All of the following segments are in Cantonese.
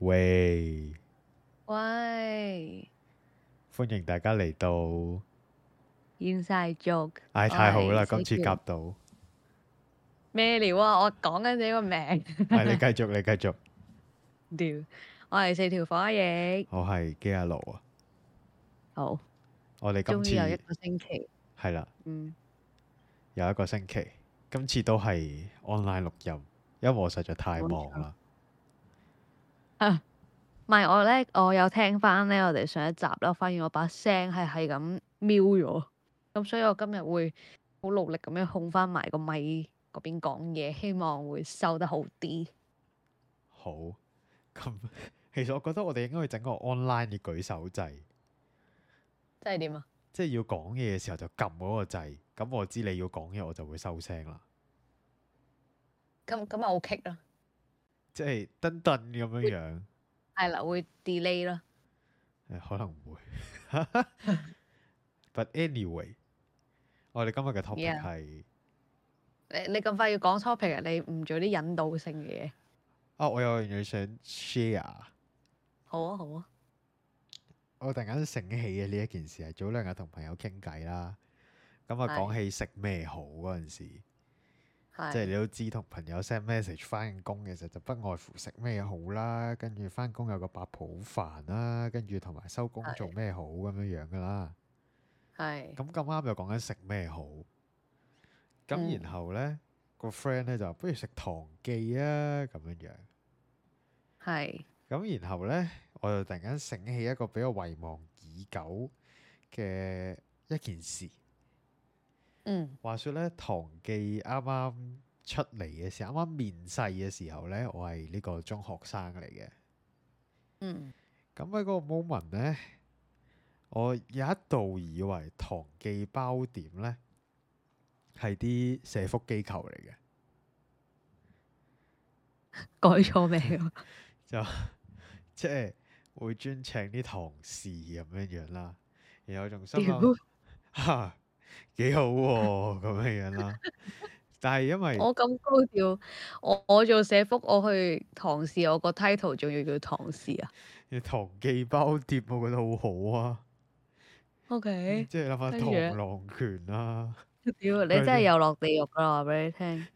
喂，喂，歡迎大家嚟到 Inside Joke。哎，太好啦，今次夾到咩料啊？我講緊你個名。係你繼續，你繼續。屌，我係四條火影。我係基亞路啊。好，我哋今次有一個星期。係啦。嗯。有一個星期，今次都係 online 錄音，因為我實在太忙啦。啊，唔係我咧，我有聽翻咧，我哋上一集啦，發現我把聲係係咁 mute 咗，咁所以我今日會好努力咁樣控翻埋個咪。嗰邊講嘢，希望會收得好啲。好，咁、嗯、其實我覺得我哋應該去整個 online 嘅舉手掣，即係點啊？即係要講嘢嘅時候就撳嗰個掣。咁、嗯、我知你要講嘢，我就會收聲啦。咁咁咪 OK 啦～、嗯嗯嗯嗯嗯即係等等咁樣樣，係啦， 會 delay 咯，可能會，But anyway，我哋今日嘅 topic 係，你你咁快要講 topic 啊？你唔做啲引導性嘅嘢？哦，我有嘢想 share，好啊好啊，好啊我突然間醒起嘅呢一件事係早兩日同朋友傾偈啦，咁啊講起食咩好嗰陣時。即係你都知，同朋友 send message 翻工其實就不外乎食咩好啦，跟住翻工有個八婆好煩啦，跟住同埋收工做咩好咁樣樣噶啦。係。咁咁啱又講緊食咩好，咁是、嗯嗯、然後呢個 friend 呢，就不如食唐記啊咁樣樣。係是。咁然後呢，我就突然間醒起一個比較遺忘已久嘅一件事。嗯，話說咧，唐記啱啱出嚟嘅時候，啱啱面世嘅時候咧，我係呢個中學生嚟嘅。嗯，咁喺嗰個 moment 咧，我有一度以為唐記包點咧係啲社福機構嚟嘅， 改錯名 就即係、就是、會專請啲唐氏咁樣樣啦，然後仲心諗吓。 幾好咁嘅樣啦， 但係因為我咁高調，我我做社福，我去唐氏，我個 title 仲要叫唐氏啊，你唐記包碟，我覺得好好啊。O Okay , K，、嗯、即係諗下螳螂拳啦、啊。屌，你真係又落地獄啦，話俾你聽。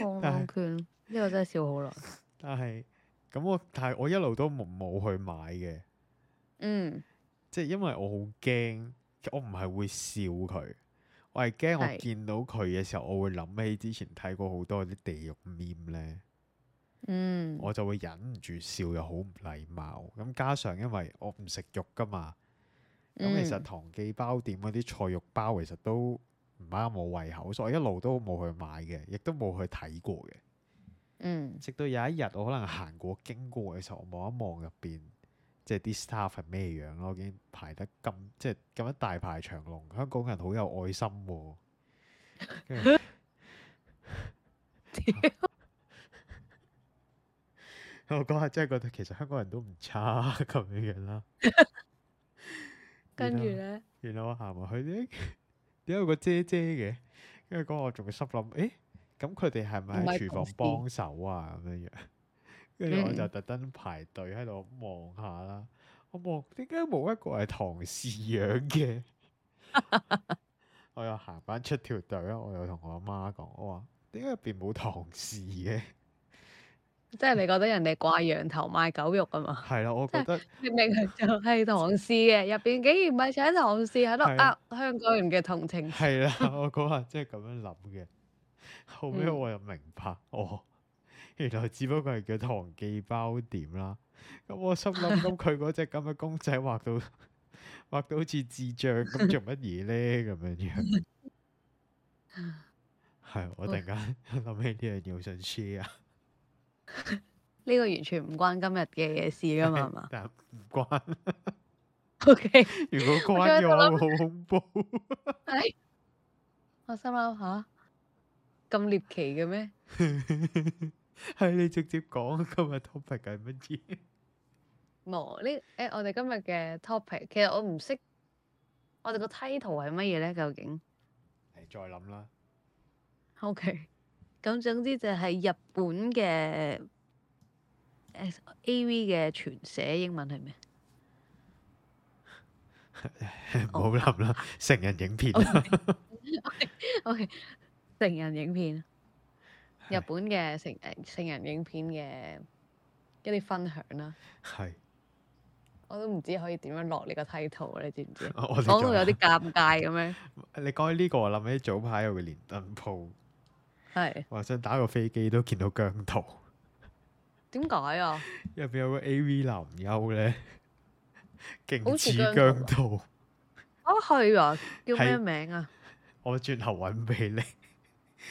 螳螂 拳呢 個真係笑好耐。但係咁我，但係我一路都冇冇去買嘅。嗯。即係因為我好驚，我唔係會笑佢，我係驚我見到佢嘅時候，是我會諗起之前睇過好多啲地獄 meme 咧、嗯，我就會忍唔住笑，又好唔禮貌。咁加上因為我唔食肉噶嘛，咁其實唐記包店嗰啲菜肉包其實都唔啱我胃口，所以我一路都冇去買嘅，亦都冇去睇過嘅。嗯、直到有一日我可能行過經過嘅時候，我望一望入邊。即係啲 staff 係咩樣咯？我已經排得咁即係咁樣大排長龍，香港人好有愛心喎、啊。我嗰下真係覺得其實香港人都唔差咁樣樣啦。 後跟住咧，原來我行埋去咧，點解有個姐姐嘅？跟住嗰個我仲會心諗，誒咁佢哋係咪廚房幫手啊？咁樣樣。 跟住我就特登排隊喺度望下啦，我望點解冇一個係唐氏樣嘅？我又行翻出條隊啦，我又同我阿媽講：我話點解入邊冇唐氏嘅？即係你覺得人哋掛羊頭賣狗肉啊嘛？係啦、 啊，我覺得 明明就係唐氏嘅，入邊竟然唔係請唐氏喺度呃香港人嘅同情。係 啦、啊，我嗰日即係咁樣諗嘅。後尾我又明白我。 哦原來只不過係叫唐記包點啦，咁我心諗咁佢嗰隻咁嘅公仔畫到 畫到好似智障，咁做乜嘢咧？咁樣樣係我突然間諗起呢樣嘢好想 share，呢個完全唔關今日嘅嘢事噶嘛， 但係嘛？唔關 Okay。O K，如果關嘅話會好恐怖。 哎，我心諗吓咁獵奇嘅咩？ 係你直接講今日 topic 係乜嘢？冇呢？誒，我哋今日嘅 topic，其實我唔識，我哋個 title 係乜嘢咧？究竟？誒，再諗啦。OK，咁總之就係日本嘅誒 AV 嘅全寫英文係咩？唔好諗啦，成人影片啦。OK，成人影片。日本嘅成誒成人影片嘅一啲分享啦，係是、啊，我都唔知可以點樣落呢個 title，你知唔知？我講到有啲尷尬咁樣。 你講起呢、這個，我諗起早排有個連登鋪，係是，話想打個飛機都見到姜濤，點解啊？入邊有個 AV 男優咧，勁 似姜濤。啊，係啊、 哦，叫咩名啊？我轉頭揾俾你。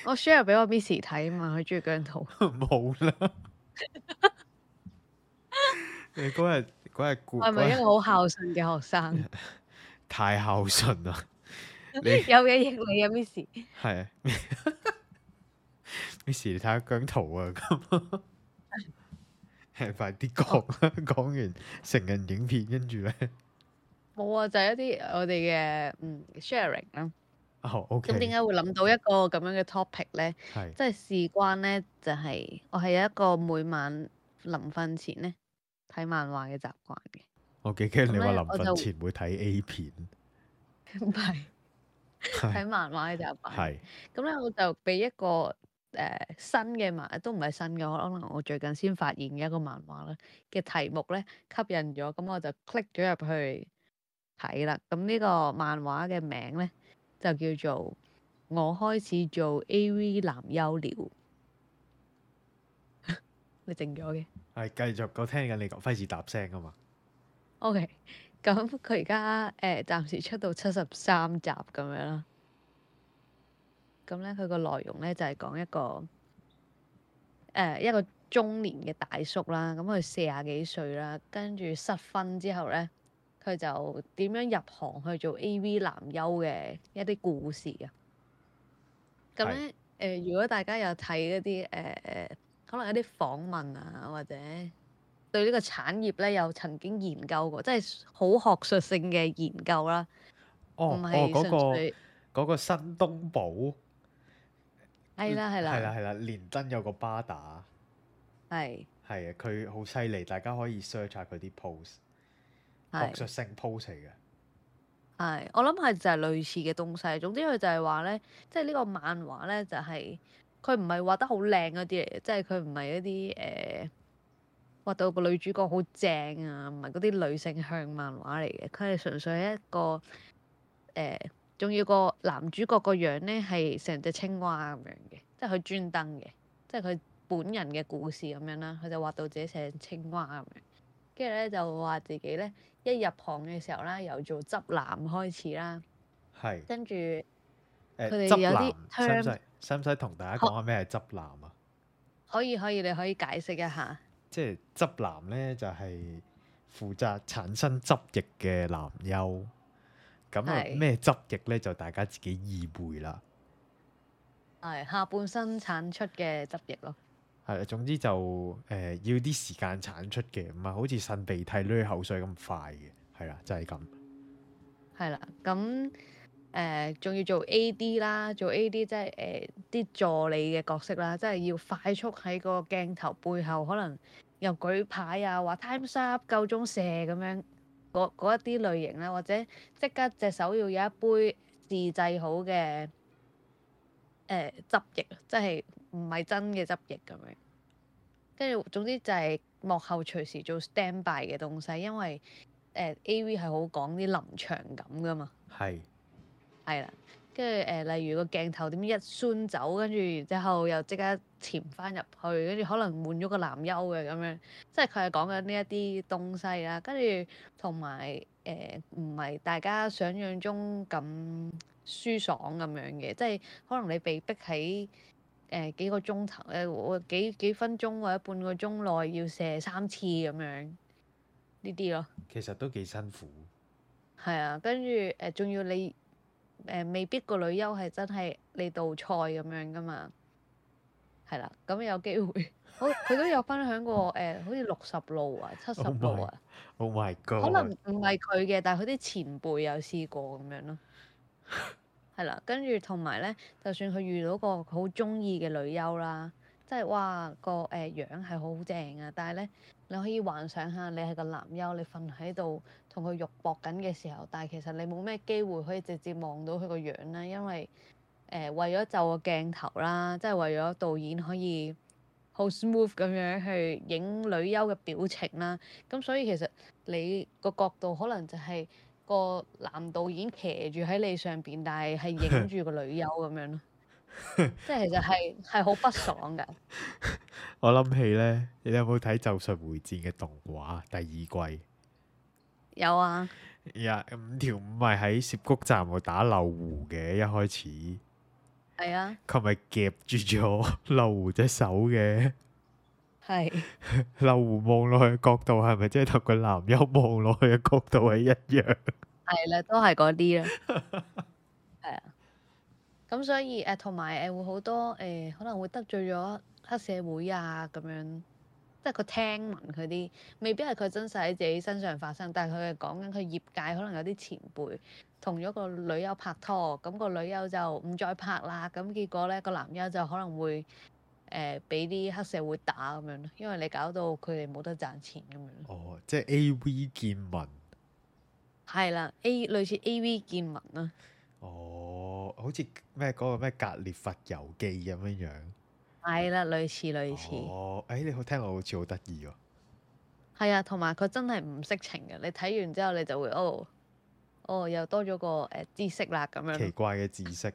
我 share 俾我 Miss 睇啊嘛，佢中意姜濤。冇啦 ，你嗰日嗰日係咪一個好孝順嘅學生？ 太孝順啦，你有嘢應你啊，Miss。係啊，Miss，你睇下姜濤啊，咁，係快啲講啦，講完、啊啊、 ik 成人影片，跟住咧，冇啊，就係一啲我哋嘅嗯 sharing 啦。哦、oh,，OK。咁點解會諗到一個咁樣嘅 topic 咧？係是，即係事關咧，就係我係有一個每晚臨瞓前咧睇漫畫嘅習慣嘅。我幾驚你話臨瞓前會睇 A 片。唔係，睇 漫畫嘅習慣。係是。咁咧，我就俾一個誒、呃、新嘅漫，都唔係新嘅，可能我最近先發現嘅一個漫畫啦嘅題目咧吸引咗，咁我就 click 咗入去睇啦。咁呢個漫畫嘅名咧。就叫做我開始做 A.V. 男優 了，你靜咗嘅？係，繼續，我聽緊你講，費事答聲㗎嘛。O.K. 咁佢而家誒暫時出到七十三集咁樣啦。咁咧佢個內容咧就係、是、講一個誒、呃、一個中年嘅大叔啦，咁佢四廿幾歲啦，跟住失婚之後咧。佢就點樣入行去做 AV 男優嘅一啲故事啊？咁咧是，誒、呃，如果大家有睇一啲誒誒，可能一啲訪問啊，或者對呢個產業咧有曾經研究過，即係好學術性嘅研究啦。哦，哦，哦，嗰個嗰個新東寶係啦，係啦，係啦，係啦，啦，連登有個巴打係係啊，佢好犀利，大家可以 search 下佢啲 post。學術性 post 嘅，係我諗係就係類似嘅東西，總之佢就係話咧，即係呢個漫畫咧就係佢唔係畫得好靚嗰啲嚟，即係佢唔係一啲誒畫到個女主角好正啊，唔係嗰啲女性向漫畫嚟嘅，佢係純粹一個誒，仲、呃、要個男主角個樣咧係成隻青蛙咁樣嘅，即係佢專登嘅，即係佢本人嘅故事咁樣啦，佢就畫到自己成隻青蛙咁樣，跟住咧就話自己咧。一入行嘅時候啦，由做執男開始啦，係跟住佢哋有啲，使唔使使唔使同大家講下咩係執男啊？可以可以，你可以解釋一下。即係執男咧，就係、是、負責產生執液嘅男優。咁啊，咩執液咧，就大家自己意會啦。係下半身產出嘅執液咯。係啦，總之就誒、呃、要啲時間產出嘅，唔係好似擤鼻涕濺口水咁快嘅，係啦，就係咁。係啦，咁誒仲要做 A.D. 啦，做 A.D. 即係誒啲助理嘅角色啦，即係要快速喺個鏡頭背後，可能又舉牌啊，話 time up 夠鐘射咁樣，嗰一啲類型啦，或者即刻隻手要有一杯自製好嘅誒汁液，即係。唔係真嘅執役咁樣，跟住總之就係幕後隨時做 standby 嘅東西，因為誒、呃、AV 係好講啲臨場感噶嘛，係係啦。跟住誒，例如個鏡頭點一酸走，跟住之後又即刻潛翻入去，跟住可能換咗個男優嘅咁樣，即係佢係講緊呢一啲東西啦。跟住同埋誒，唔係、呃、大家想像中咁舒爽咁樣嘅，即係可能你被逼喺。誒、呃、幾個鐘頭誒，我、呃、幾，幾分鐘或者半個鐘內要射三次咁樣呢啲咯。其實都幾辛苦。係啊，跟住誒，仲、呃、要你誒、呃，未必個女優係真係你道菜咁樣噶嘛。係啦、啊，咁有機會、 哦，好佢都有分享過誒、 呃，好似六十路啊，七十路啊。Oh my, oh my god！可能唔係佢嘅，但係佢啲前輩有試過咁樣咯。 係啦，跟住同埋咧，就算佢遇到個好中意嘅女優啦，即係哇個誒、呃、樣係好正啊！但係咧，你可以幻想下你係個男優，你瞓喺度同佢肉搏緊嘅時候，但係其實你冇咩機會可以直接望到佢個樣啦，因為誒、呃、為咗就個鏡頭啦，即係為咗導演可以好 smooth 咁樣去影女優嘅表情啦，咁所以其實你個角度可能就係、是。個男導演騎住喺你上邊，但係係影住個女友咁樣咯， 即係其實係係好不爽噶。 我諗起咧，你哋有冇睇《咒術回戰》嘅動畫第二季？有啊，廿、yeah, 五條五咪喺涉谷站度打漏湖嘅，一開始係啊，佢咪夾住咗漏湖隻手嘅。係，劉胡望落去嘅角度，係咪即係同個男優望落去嘅角度係一樣？係啦，都係嗰啲啦，係啊。 咁所以誒，同埋誒會好多誒、呃，可能會得罪咗黑社會啊咁樣。即係佢聽聞佢啲，未必係佢真實喺自己身上發生，但係佢係講緊佢業界可能有啲前輩同咗個女優拍拖，咁個女優就唔再拍啦。咁結果咧，個男優就可能會。誒俾啲黑社會打咁樣咯，因為你搞到佢哋冇得賺錢咁樣咯。哦，即係 A.V. 見聞。係啦，A 類似 A.V. 見聞啦。哦，好似咩嗰個咩格列佛遊記咁樣樣。係啦，類似類似。 哦，誒、哎、你聽好聽落好似好得意喎。係 啊，同埋佢真係唔識情嘅，你睇完之後你就會哦，哦又多咗個誒知識啦咁樣。奇怪嘅知識。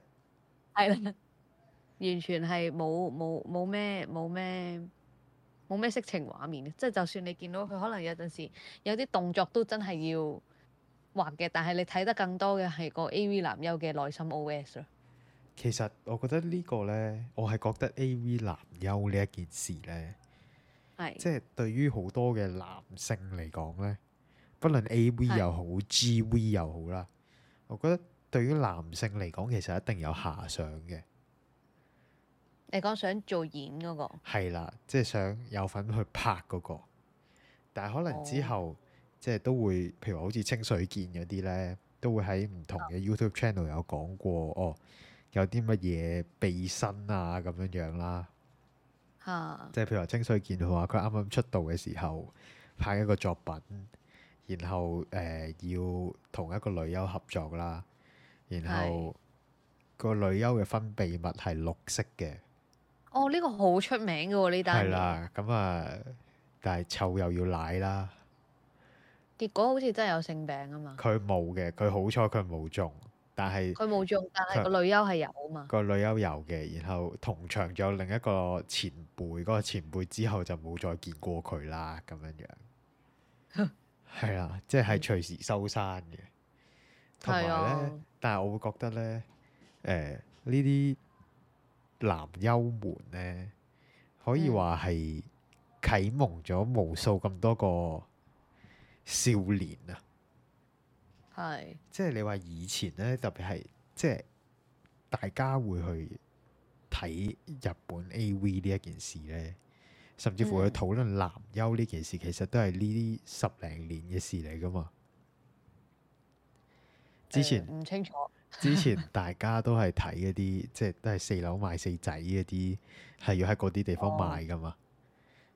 係啦。 完全係冇冇冇咩冇咩冇咩色情畫面嘅，即係就算你見到佢，可能有陣時有啲動作都真係要畫嘅。但係你睇得更多嘅係個 AV 男優嘅內心 OS 咯。其實我覺得呢個呢，我係覺得 AV 男優呢一件事呢，即係是對於好多嘅男性嚟講呢，不論 AV 又好是 GV 又好啦，我覺得對於男性嚟講，其實一定有遐想嘅。你講想做演嗰、那個，係啦，即、就、係、是、想有份去拍嗰、那個。但係可能之後，oh. 即係都會，譬如好似清水健嗰啲咧，都會喺唔同嘅 YouTube channel 有講過、oh. 哦，有啲乜嘢秘身啊咁樣樣啦。Huh. 即係譬如話清水健佢話佢啱啱出道嘅時候拍一個作品，然後誒、呃、要同一個女優合作啦，然後 Yeah. 個女優嘅分泌物係綠色嘅。哦，呢、這個好出名嘅喎，呢單嘢。係啦，咁、嗯、啊，但係臭又要奶啦。結果好似真係有性病啊嘛。佢冇嘅，佢好彩佢冇中，但係。佢冇中，但係個女優係有啊嘛。個女優有嘅，然後同場仲有另一個前輩，嗰個、嗯、前輩之後就冇再見過佢啦，咁樣樣。係啊， 即係隨時收山嘅。係、嗯、啊。同埋咧。但係我會覺得咧，誒呢啲，男優們咧，可以話係啟蒙咗無數咁多個少年啊，係、嗯，即係你話以前咧，特別係即係大家會去睇日本 AV 呢一件事咧，甚至乎去討論男優呢件事，嗯、其實都係呢啲十零年嘅事嚟㗎嘛，之前唔、嗯、清楚。 之前大家都係睇一啲，即係都係四樓賣四仔嗰啲，係要喺嗰啲地方買㗎嘛、哦。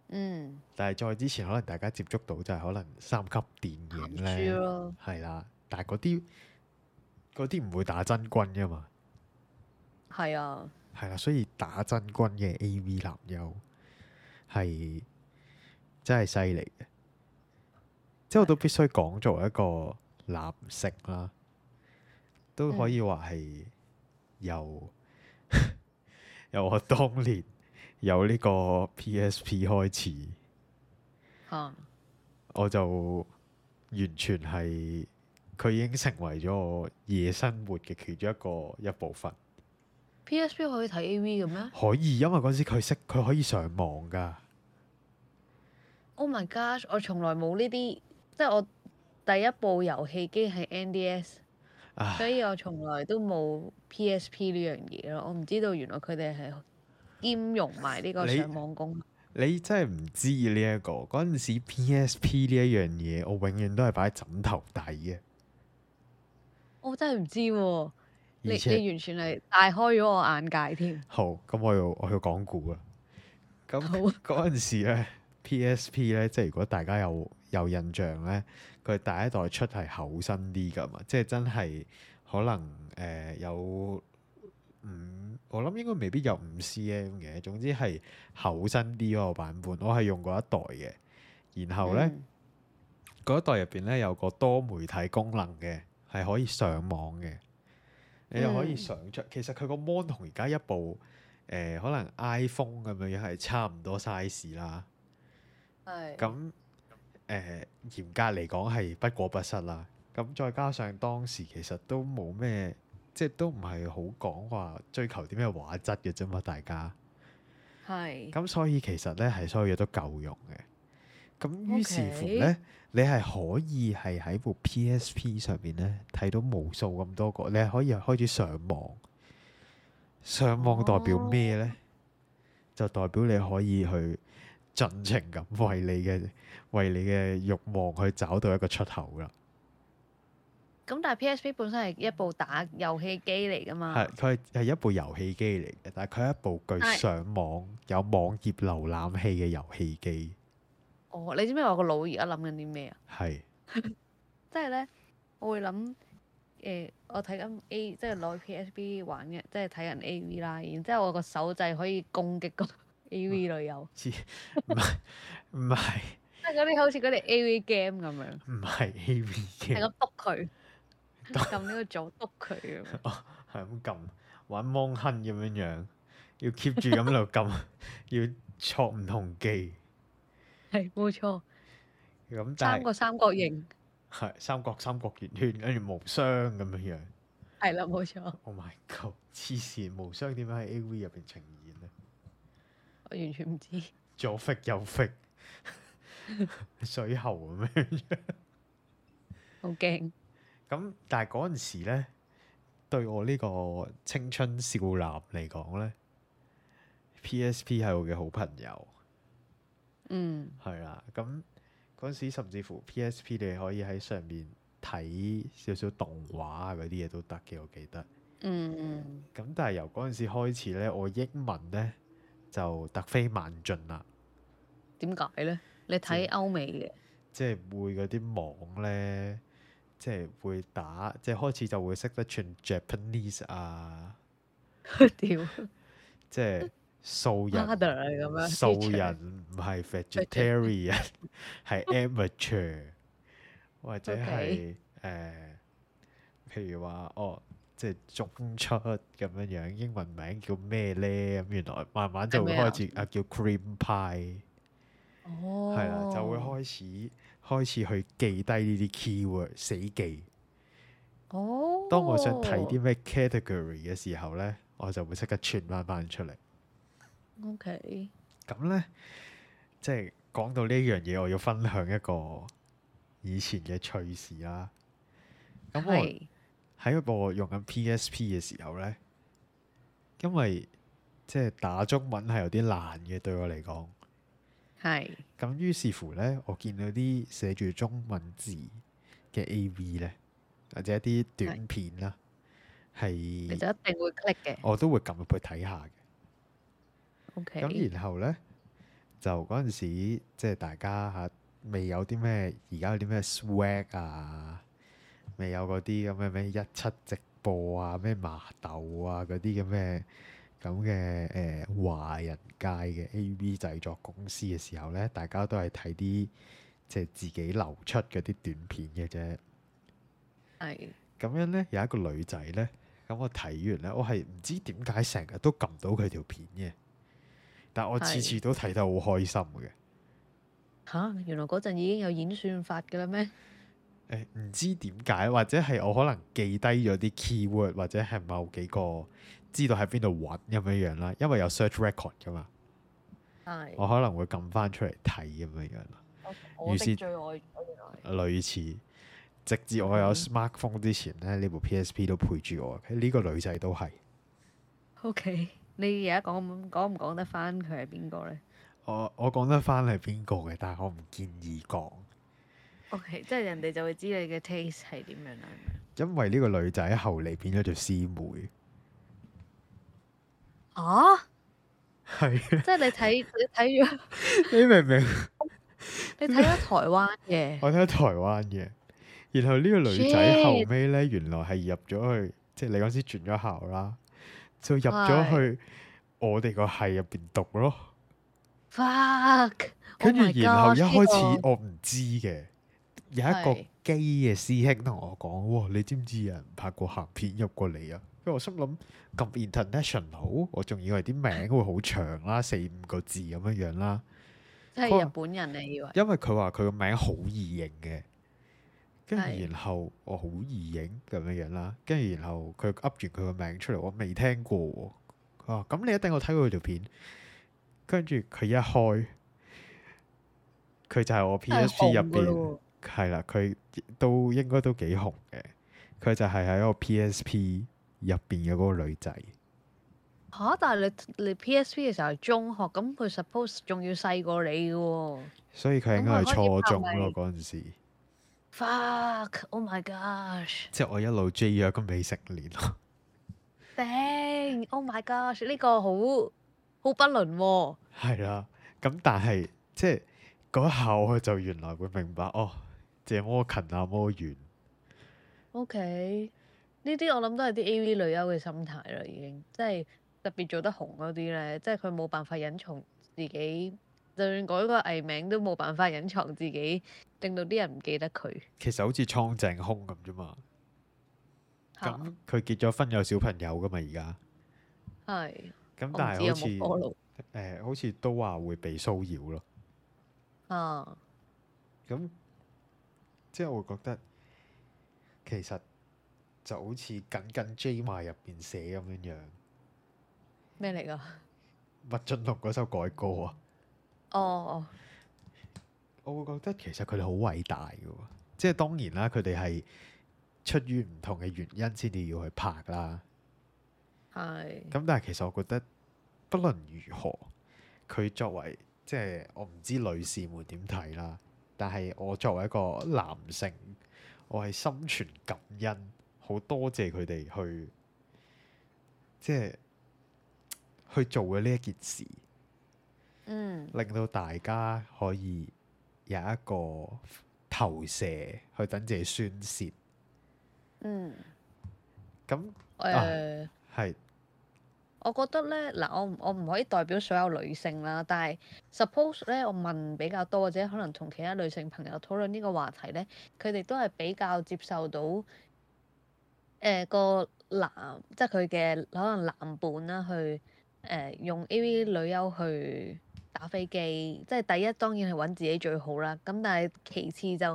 嗯。但係再之前，可能大家接觸到就係可能三級電影咧，係啦。但係嗰啲嗰啲唔會打真軍㗎嘛。係啊、嗯。係啦，所以打真軍嘅 A V 男優係真係犀利嘅，的即係我都必須講，作為一個男性啦。都可以話係由，欸、 由我當年由呢個 PSP 開始。啊、我就完全係佢已經成為咗我夜生活嘅其中一個一部分。PSP 可以睇 AV 咁咩？可以，因為嗰時佢識佢可以上網㗎。Oh my god！我從來冇呢啲，即係我第一部遊戲機係 NDS。所以我從來都冇 PSP 呢樣嘢咯，我唔知道原來佢哋係兼容埋呢個上網功能。你真係唔知呢一個，嗰陣時 PSP 呢一樣嘢，我永遠都係擺喺枕頭底嘅。我真係唔知，且你你完全係大開咗我眼界添。好，咁我要我要講古啦。咁嗰陣時咧。 P.S.P 咧，PS P，即係如果大家有有印象咧，佢第一代出係厚身啲㗎嘛，即係真係可能誒、呃、有五，我諗應該未必有五 C.M 嘅。總之係厚身啲嗰個版本，我係用過一代嘅。然後咧嗰、嗯、一代入邊咧有個多媒體功能嘅，係可以上網嘅，你又可以上著。嗯、其實佢個 Mon 同而家一部誒、呃、可能 iPhone 咁樣樣係差唔多 size 啦。咁誒、呃、嚴格嚟講係不過不失啦。咁再加上當時其實都冇咩，即係都唔係好講話追求啲咩畫質嘅啫嘛。大家咁，是所以其實呢係所有嘢都夠用嘅。咁於是乎呢，Okay. 你係可以係喺部 PSP 上面呢睇到無數咁多個，你係可以開始上網。上網代表咩呢？Oh. 就代表你可以去。盡情咁為你嘅為你嘅慾望去找到一個出口啦。咁但係 PSP 本身係一部打遊戲機嚟噶嘛？係佢係係一部遊戲機嚟嘅，但係佢係一部具上網有網頁瀏覽器嘅遊戲機。哦，你知唔知我個腦而家諗緊啲咩啊？係，即係咧，我會諗誒，我睇緊 A，即係攞 PSP 玩嘅，即係睇緊 AV 啦。然之後我個手掣可以攻擊個。A.V. 女友唔係唔係，即係嗰啲好似嗰啲 A.V. game 咁樣，唔係 A.V. game，係咁督佢，撳呢個組督佢咁。哦，係咁撳，玩芒亨咁樣樣，要 keep 住咁度撳，要戳唔同機，係冇錯。咁三個三角形，係三角三角圓圈，跟住無雙咁樣樣，係啦冇錯。Oh my god！黐線無雙點樣喺 A.V. 入邊呈現？我完全唔知左揈右揈， 水喉一， 咁樣樣，好驚。咁但係嗰陣時咧，對我呢個青春少男嚟講咧，PSP 係我嘅好朋友。嗯，係啦。咁嗰陣時甚至乎 PSP 你可以喺上面睇少少動畫啊，嗰啲嘢都得嘅。我記得。嗯，嗯。咁但係由嗰陣時開始咧，我英文咧。就突飛猛進啦！點解咧？你睇歐美嘅，即係會嗰啲網咧，即係會打，即係開始就會識得串 Japanese 啊！屌 樣！即係素人素 人唔係 vegetarian，係 amateur， 或者係誒 Okay.、呃，譬如話哦。即係中出咁樣樣，英文名叫咩呢？咁原來慢慢就會開始啊，叫 cream pie，係啦，oh.，就會開始開始去記低呢啲 keyword 死記。哦。Oh. 當我想睇啲咩 category 嘅時候呢，我就會即刻串翻翻出嚟。O K。咁呢，即係講到呢樣嘢，我要分享一個以前嘅趣事啦。咁我。喺我用緊 PSP 嘅時候咧，因為即係打中文係有啲難嘅對我嚟講，係咁是於是乎咧，我見到啲寫住中文字嘅 AV 咧，或者一啲短片啦，係就是是一定會 click 嘅，我都會撳入去睇下嘅。OK，咁然後咧就嗰陣時即係、就是、大家嚇、啊、未有啲咩，而家有啲咩 swag 啊？未有嗰啲咁嘅咩一七直播啊，咩麻豆啊，嗰啲咁嘅咁嘅誒華人界嘅 AV 製作公司嘅時候呢，大家都係睇啲即係自己流出嗰啲短片嘅啫。係咁是樣呢，有一個女仔呢，咁我睇完呢，我係唔知點解成日都撳到佢條片嘅，但我次次都睇得好開心嘅。吓、啊？原來嗰陣已經有演算法㗎啦咩？唔、欸、知點解，或者係我可能記低咗啲 keyword，或者係某幾個知道喺邊度揾，咁樣樣啦，因為有 search record 噶嘛，的我可能會撳翻出嚟睇咁樣樣啦。我的最愛的，於是類似，直至我有 smartphone 之前咧，呢的部 PSP 都陪住我。呢、這個女仔都係。O、okay, K，你而家講講唔講得翻佢係邊個呢？我我講得翻係邊個嘅，但係我唔建議講。O、okay, K，即係人哋就會知你嘅 taste 係點樣啦。因為呢個女仔後嚟變咗做師妹。啊，係是的。即係 你睇你睇咗，你明唔明你睇咗台灣嘅， 我睇咗台灣嘅。然後呢個女仔後尾咧，原來係入咗去，即係你嗰時轉咗校啦，就入咗去、哎、我哋個係入邊讀咯。Fuck！跟住然後一開始我唔知嘅。有一個基嘅師兄同我講：是哇！你知唔知有人拍過客片入過嚟啊？因為我心諗咁 international，我仲以為啲名會好長啦，四五個字咁樣樣啦。即係是他日本人嚟，因為佢話佢個名好易認嘅，跟住然後我好是、哦、易認咁樣樣啦。跟住然後佢噏完佢個名出嚟，我未聽過。哇！咁你一定有睇過佢條片。跟住佢一開，佢就係我 P S P 入邊。係啦，佢都應該都幾紅嘅。佢就係喺個 PSP 入邊嘅嗰個女仔。吓、啊！但係你你 PSP 嘅時候係中學，咁佢 suppose 仲要細過你嘅、哦。所以佢應該係初中咯嗰陣時。Fuck！Oh my gosh！即係我一路追約個未成年咯。f a n g o h my gosh！呢個好好不倫、哦。係啦，咁但係即係嗰下我就原來會明白哦。這麼近那麼遠？OK，呢啲我諗都係啲 A.V. 女優嘅心態啦，已經即係特別做得紅嗰啲咧，即係佢冇辦法隱藏自己，就算改個藝名都冇辦法隱藏自己，定到啲人唔記得佢。其實好似蒼井空咁啫嘛，咁佢、啊、結咗婚有小朋友噶嘛？而家係，咁是那但係好似誒、呃，好似都話會被騷擾咯。啊，咁、啊。即係我會覺得，其實就好似緊緊 J m 邁入邊寫咁樣樣，咩嚟噶？麥浚龍嗰首改歌啊！哦，我會覺得其實佢哋好偉大噶，即係當然啦，佢哋係出於唔同嘅原因先至要去拍啦。係是。咁但係其實我覺得，不論如何，佢作為即係我唔知女士們點睇啦。但係我作為一個男性，我係心存感恩，好多謝佢哋去，即係去做嘅呢一件事，嗯，令到大家可以有一個投射去等自己宣洩，嗯，咁，誒，係。我覺得咧，嗱，我唔我唔可以代表所有女性啦，但係 suppose 咧，我問比較多或者可能同其他女性朋友討論呢個話題咧，佢哋都係比較接受到誒、呃、個男，即係佢嘅可能男伴啦，去誒、呃、用 AV 女優去打飛機。即係第一當然係揾自己最好啦，咁但係其次就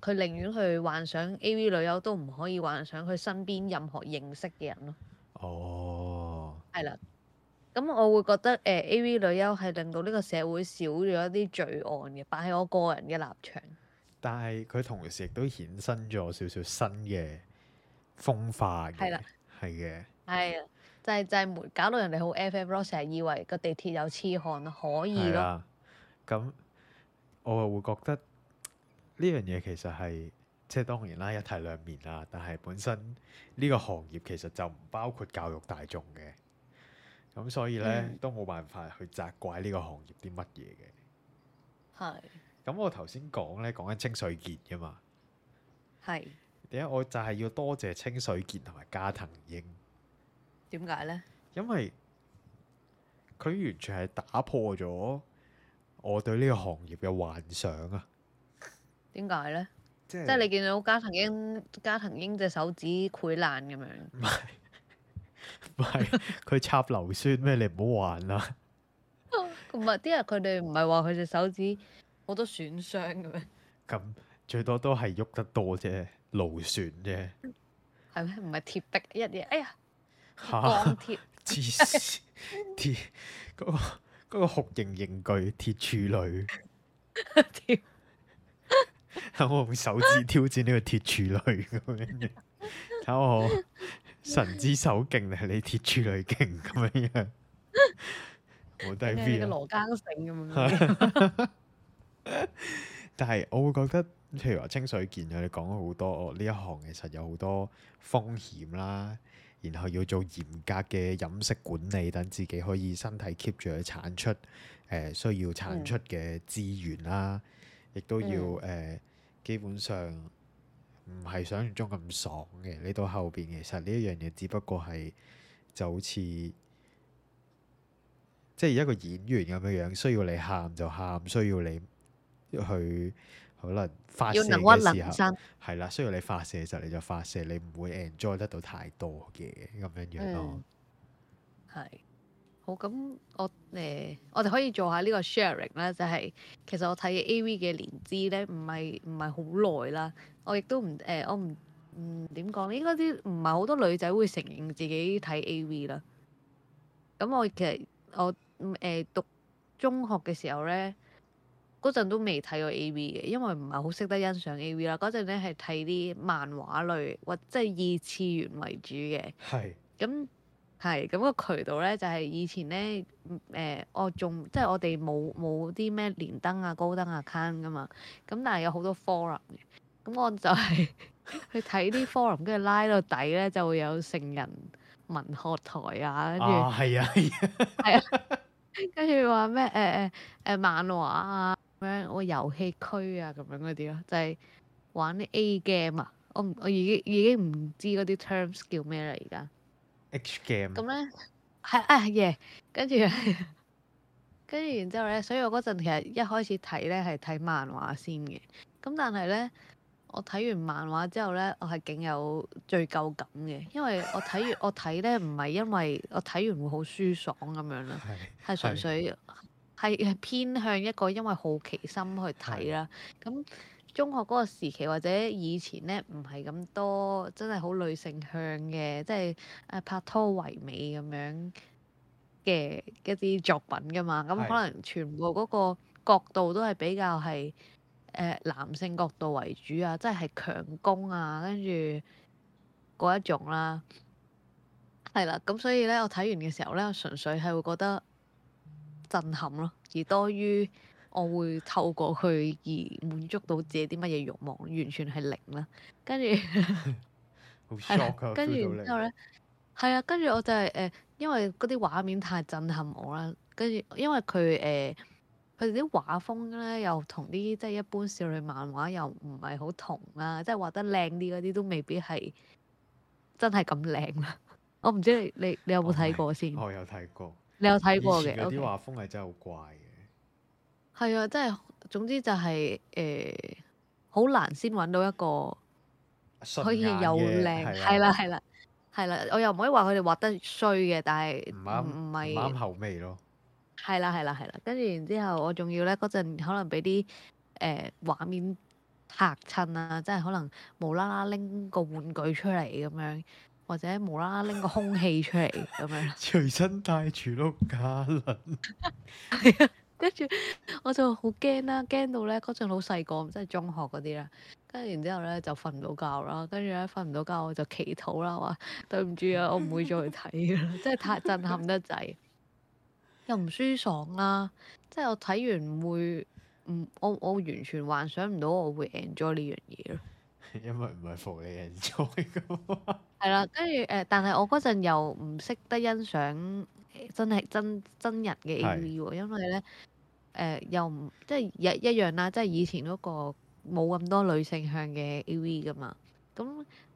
佢寧願去幻想 AV 女優，都唔可以幻想佢身邊任何認識嘅人咯。哦。Oh. 係啦，咁我會覺得誒、呃、A.V. 女優係令到呢個社會少咗一啲罪案嘅，擺喺我個人嘅立場。但係佢同時亦都衍生咗少少新嘅風化嘅，係啦，係嘅，係就係就係、是、搞到人哋好 FF 咯，成日以為個地鐵有痴漢可以咯。咁我又會覺得呢樣嘢其實係即係當然啦，一體兩面啦。但係本身呢個行業其實就唔包括教育大眾嘅。咁所以咧，嗯、都冇辦法去責怪呢個行業啲乜嘢嘅。係是。咁我頭先講咧，講緊清水健噶嘛。係是。點解我就係要多謝清水健同埋加藤鷹？點解咧？因為佢完全係打破咗我對呢個行業嘅幻想啊！點解咧？即係、即係、你見到加藤鷹、加藤鷹隻手指潰爛咁樣。唔係。唔係佢插硫酸咩？你唔好玩啦。唔係啲人佢哋唔係話佢隻手指好多損傷嘅咩？咁 最多都係喐得多啫，勞損啫。係咩？ 唔係鐵壁一嘢。哎呀，鋼鐵黐鐵嗰個、嗰個酷型刑具鐵柱女。 鐵 等我用手指挑戰呢個鐵柱女咁樣嘅，睇我。神之手勁定係你鐵柱女勁咁樣 我樣，你你羅樣，好低 B 啊！羅更繩咁樣。但係我會覺得，譬如話清水健佢哋講咗好多，呢一行其實有好多風險啦，然後要做嚴格嘅飲食管理，等自己可以身體 keep 住去產出，誒、呃、需要產出嘅資源啦，亦、嗯、都要誒、呃、基本上。唔係想象中咁爽嘅，你到後邊其實呢一樣嘢只不過係就好似即係一個演員咁樣樣，需要你喊就喊，需要你去可能發射嘅時候係啦，需要你發射嘅時候，你就發射，你唔會 enjoy 得到太多嘅咁樣樣咯，係、嗯。好咁、呃，我誒我哋可以做下呢個 sharing 啦，就係其實我睇 AV 嘅年資咧，唔係唔係好耐啦。我亦都唔誒、呃，我唔唔點講，應該啲唔係好多女仔會承認自己睇 AV 啦。咁我其實我誒、呃、讀中學嘅時候咧，嗰陣都未睇過 AV 嘅，因為唔係好識得欣賞 AV 啦。嗰陣咧係睇啲漫畫類或即係二次元為主嘅。咁是。係咁、那個渠道咧，就係、是、以前咧，誒、呃、我仲即係我哋冇冇啲咩連登啊、高登啊 account 噶嘛。咁但係有好多 forum 嘅，咁我就係去睇啲 forum，跟住拉到底咧就會有成人文學台啊，跟住啊啊跟住話咩誒誒誒漫畫啊咁樣，我遊戲區啊咁樣嗰啲咯，就係、是、玩 A game 啊。我我已經已經唔知嗰啲 terms 叫咩啦，而家。咁咧係啊耶、yeah！跟住，跟住然之後咧，所以我嗰陣其實一開始睇咧係睇漫畫先嘅。咁但係咧，我睇完漫畫之後咧，我係勁有罪疚感嘅，因為我睇完 我睇咧唔係因為我睇完會好舒爽咁樣啦，係是純粹係係是偏向一個因為好奇心去睇啦，咁的。嗯中學嗰個時期或者以前咧，唔係咁多，真係好女性向嘅，即係誒拍拖唯美咁樣嘅一啲作品噶嘛。咁的可能全部嗰個角度都係比較係誒、呃、男性角度為主啊，即係係強攻啊，跟住嗰一種啦、啊。係啦，咁所以咧，我睇完嘅時候咧，純粹係會覺得震撼咯，而多於，我會透過佢而滿足到自己啲乜嘢慾望，完全係零啦。跟住，跟住之後咧，係啊，跟住我就係、是、誒、呃，因為嗰啲畫面太震撼我啦。跟住，因為佢誒，佢哋啲畫風咧又同啲即係一般少女漫畫又唔係好同啦、啊。即係畫得靚啲嗰啲都未必係真係咁靚啦。 我唔知你你你，你有冇睇過先？Okay. 我有睇過，你有睇過嘅。有啲畫風係真係好怪嘅。Okay. 係 啊，真係，總之就係、是、誒，好、呃、難先揾到一個可以又靚，係啦係啦，係啦、啊啊啊啊啊，我又唔可以話佢哋畫得衰嘅，但係唔啱唔係啱後味咯，係啦係啦係啦，跟住然之後我仲要咧，嗰陣可能俾啲誒畫面嚇親啊，即係可能無啦啦拎個玩具出嚟咁樣，或者無啦啦拎個空氣出嚟咁樣，隨 身帶住碌架輪。跟住我就好驚啦，驚到咧嗰陣好細個，即係中學嗰啲啦。跟住然之後咧就瞓唔到覺啦，跟住咧瞓唔到覺我就祈禱啦，話對唔住啊，我唔會再睇啦，真係 太震撼得滯，又唔舒爽啦、啊。即係我睇完唔會，唔我我完全幻想唔到我會 enjoy 呢樣嘢咯。因為唔係服你 enjoy 噶嘛。係 啦，跟住誒，但係我嗰陣又唔識得欣賞真係真真人嘅 AV 喎，因為咧。誒、呃、又唔即係一一樣啦，即係以前嗰個冇咁多女性向嘅 AV 噶嘛，咁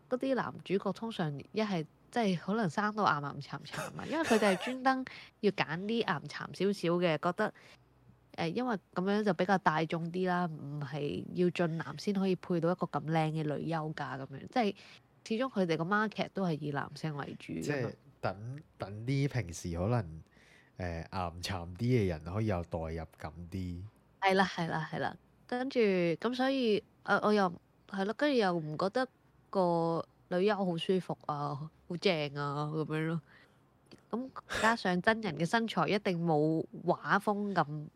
嗰啲男主角通常一係即係可能生到巖巖慘慘啊，因為佢哋係專登要揀啲巖慘少少嘅，覺得誒、呃、因為咁樣就比較大眾啲啦，唔係要俊男先可以配到一個咁靚嘅女優㗎咁樣，即係始終佢哋個 market 都係以男性為主。即係等等啲平時可能。誒，巖沉啲嘅人可以有代入感啲，係啦，係啦，係啦。跟住咁，所以誒、呃，我又係咯，跟住又唔覺得個女優好舒服啊，好正啊咁樣咯。咁加上真人嘅身材一定冇畫風咁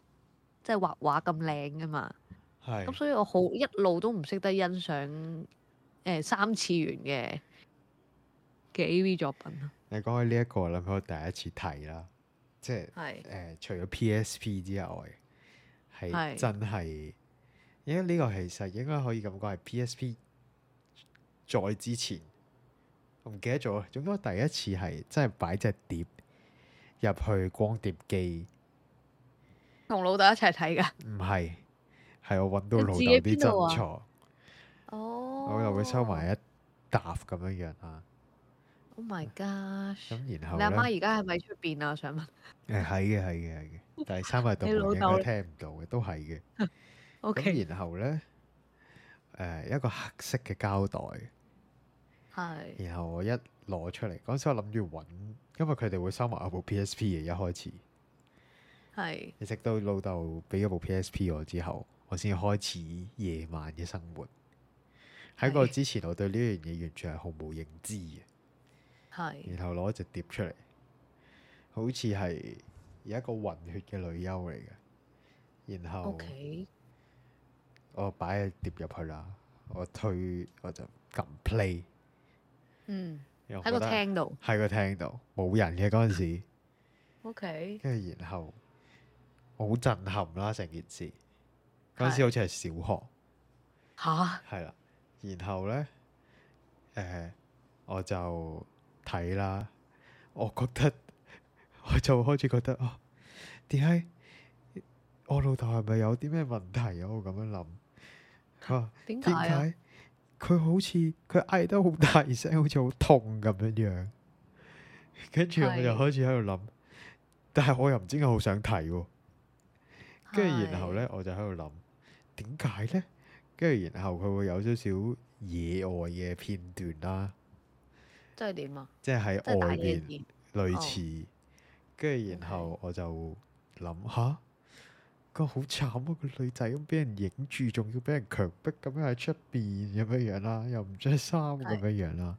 即係畫畫咁靚㗎嘛。係是。咁所以我好一路都唔識得欣賞誒、呃、三次元嘅嘅 A.V. 作品啦。你講起呢一、這個，我諗起我第一次睇啦。即係誒是、呃，除咗 PSP 之外，係真係，因為呢個其實應該可以咁講，係 PSP 再之前，我唔記得咗，總之第一次係真係擺隻碟入去光碟機，同老豆一齊睇噶，唔係，係我搵到老豆啲珍藏，哦，我又會收埋一沓咁樣樣啊。Oh my gosh！咁然後你阿媽而家係咪出邊啊？我想問，誒， 係嘅，係嘅，係嘅。第三日讀，你老豆聽唔到嘅，都係嘅。O K。咁然後呢，誒、呃，一個黑色嘅膠袋，係。 然後我一攞出嚟，嗰時我諗住揾，因為佢哋會收埋我部 P S P 嘅。一開始係， 直到老豆俾咗部 P S P 我之後，我先開始夜晚嘅生活。喺個之前，我對呢樣嘢完全係毫無認知嘅。係，然後攞隻碟出嚟，好似係有一個混血嘅女優嚟嘅。然後我擺隻碟入去啦。我推我就撳 play，嗯，喺個廳度，喺個廳度冇人嘅嗰陣時，OK。跟住然後好震撼啦，成件事嗰陣時好似係小學吓？係啦。 然後咧，誒的、呃，我就。睇啦，我覺得我就開始覺得哦，點解我老豆係咪有啲咩問題？我咁樣諗吓，點解？佢好似佢嗌得好大聲，好似好痛咁樣樣。跟住我就開始喺度諗，是但係我又唔知佢好想睇。跟住然後呢，我就喺度諗，點解呢？跟住然後佢會有少少野外嘅片段啦。即係點啊？即係喺外邊類似，跟住、哦、然後我就諗下，個好慘啊個女仔咁俾人影住，仲要俾人強迫咁樣喺出邊咁樣樣啦，又唔着衫咁樣樣啦，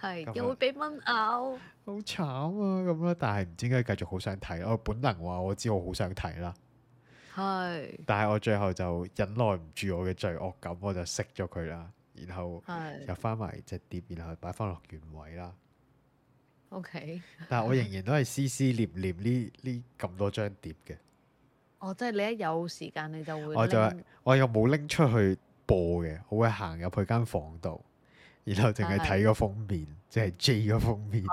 係又會俾蚊咬，好慘啊咁啊！但係唔知點解繼續好想睇，我本能話我知我好想睇啦，係是，但係我最後就忍耐唔住我嘅罪惡感，我就熄咗佢啦。然後入翻埋隻碟，然後擺翻落原位啦。O Okay . K，但係我仍然都係思思念念呢呢咁多張碟嘅。哦，即係你一有時間你就會我、就是，我就我又冇拎出去播嘅，我會行入去間房度，然後淨係睇個封面，即係是 J 個封面。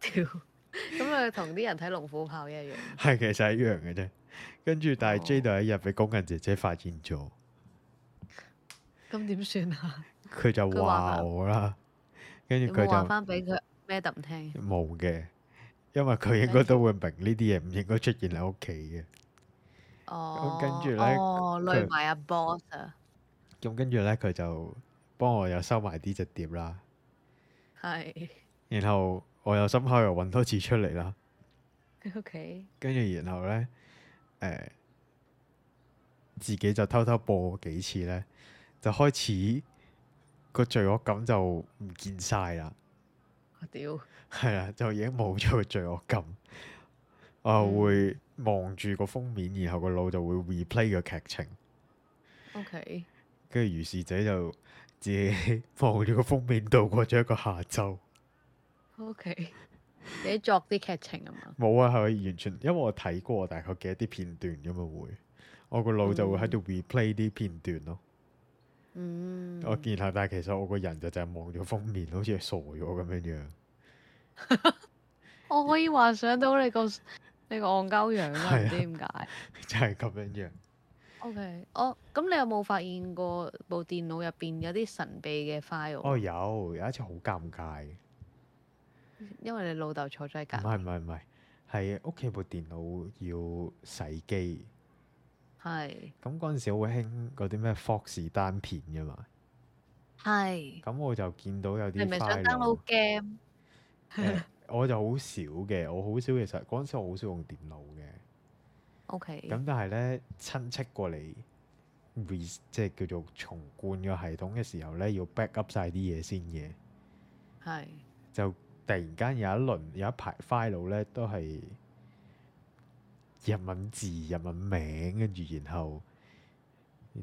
屌、oh，咁啊同啲人睇龍虎豹一樣。係 其實係一樣嘅啫，跟住但係 J 就一日俾工人姐姐發現咗。咁點算啊？佢就佢話我啦他就，跟住佢就話翻俾佢，咩都唔聽？冇嘅，因為佢應該都會明呢啲嘢唔應該出現喺屋企嘅。哦，嗯、跟住咧，哦，累埋阿 boss。咁、嗯、跟住咧，佢就幫我又收埋啲隻碟啦。係是。然後我又心口又揾多次出嚟啦。喺屋企。跟住然後咧，誒、呃，自己就偷偷播幾次咧。就開始個罪惡感就唔見晒啦！我屌，係啊，就已經冇咗個罪惡感啊！Mm. 我會望住個封面，然後個腦就會 replay 個劇情。OK，跟住如是者就自己放咗個封面度過咗一個下晝。OK， 你作啲劇情啊嘛？冇 啊，係完全因為我睇過大概嘅一啲片段咁啊，會我個腦就會喺度 replay 啲片段咯。Mm. 嗯，我見下，但係其實我個人就淨係望咗封面，好似係傻咗咁樣樣。 我可以幻想到你個 你個憨鳩樣唔知點解、啊？就係咁樣樣。O K，哦咁你有冇發現過部電腦入邊有啲神秘嘅 file？哦，oh, 有，有一次好尷尬，因為你老豆坐咗喺隔唔係唔係唔係，係屋企部電腦要洗機。係，咁嗰陣時好興嗰啲咩 Fox c 單片嘅嘛，係是，咁我就見到有啲 file，你係咪想 download game？、呃、 我就好少嘅，我好少其實嗰陣時我好少用電腦嘅，OK，咁但係咧親戚過嚟 reset 即係叫做重灌個系統嘅時候咧，要 backup 曬啲嘢先嘅，係是，就突然間有一輪有一排 file 咧都係。日文字、日文名，跟住然後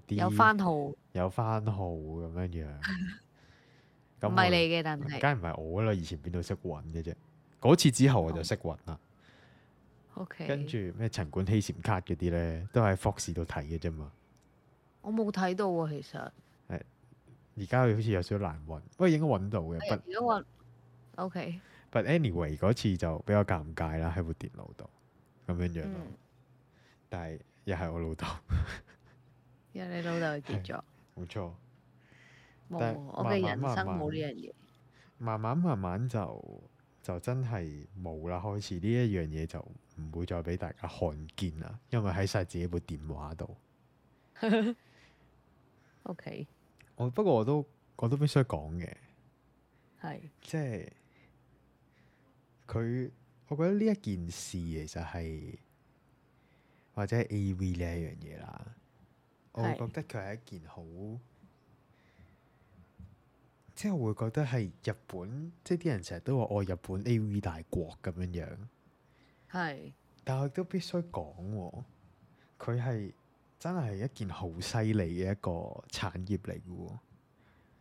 啲有番號，有番號咁樣樣，唔係你嘅，但係梗係唔係我啦。以前邊度識揾嘅啫？嗰次之後我就識揾啦。O K，跟住咩陳冠希閃卡嗰啲咧，都喺 Fox 度睇嘅啫嘛。我冇睇到喎，其實。誒，而家佢好似有少少難揾，不過應該揾到嘅。如果揾 O K，But anyway，嗰次就比較尷尬啦，喺部電腦度。咁樣樣咯，嗯、但係又係我老豆，又 係你老豆嘅傑作，冇錯，冇沒我嘅人生冇呢樣嘢，慢慢慢慢就就真係冇啦，開始呢一樣嘢就唔會再俾大家看見啦，因為喺晒自己部電話度。 o Okay . K，我不過我都我都必須講嘅，係即係佢。就是我覺得呢一件事其實係或者 AV 呢一樣嘢啦，我會覺得佢係一件好是即係我會覺得係日本即係啲人成日都話哦，日本 AV 大國咁樣樣係，是但係都必須講佢係真係一件好犀利嘅一個產業嚟嘅喎，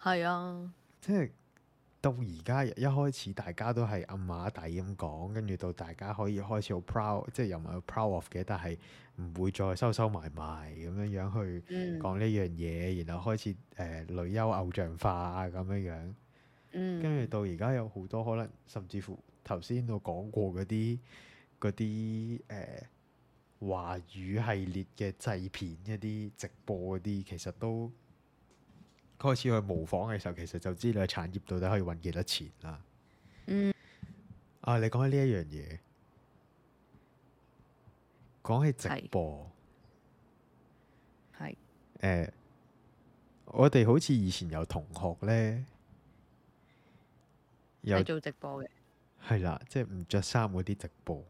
係啊，即係。到而家一開始大家都係暗馬底咁講，跟住到大家可以開始好 proud，即係又唔係好 proud of 嘅，但係唔會再收收埋埋咁樣樣去講呢樣嘢，然後開始誒、呃、女優偶像化咁樣樣。跟住到而家有好多可能，甚至乎頭先我講過嗰啲嗰啲誒華語系列嘅製片一啲直播嗰啲，其實都。開始去模仿嘅時候，其實就知你個產業到底可以揾幾多錢啦。嗯。啊，你講起呢一樣嘢，講起直播，係誒、欸，我哋好似以前有同學呢，有做直播嘅。係啦，即係唔着衫嗰啲直播。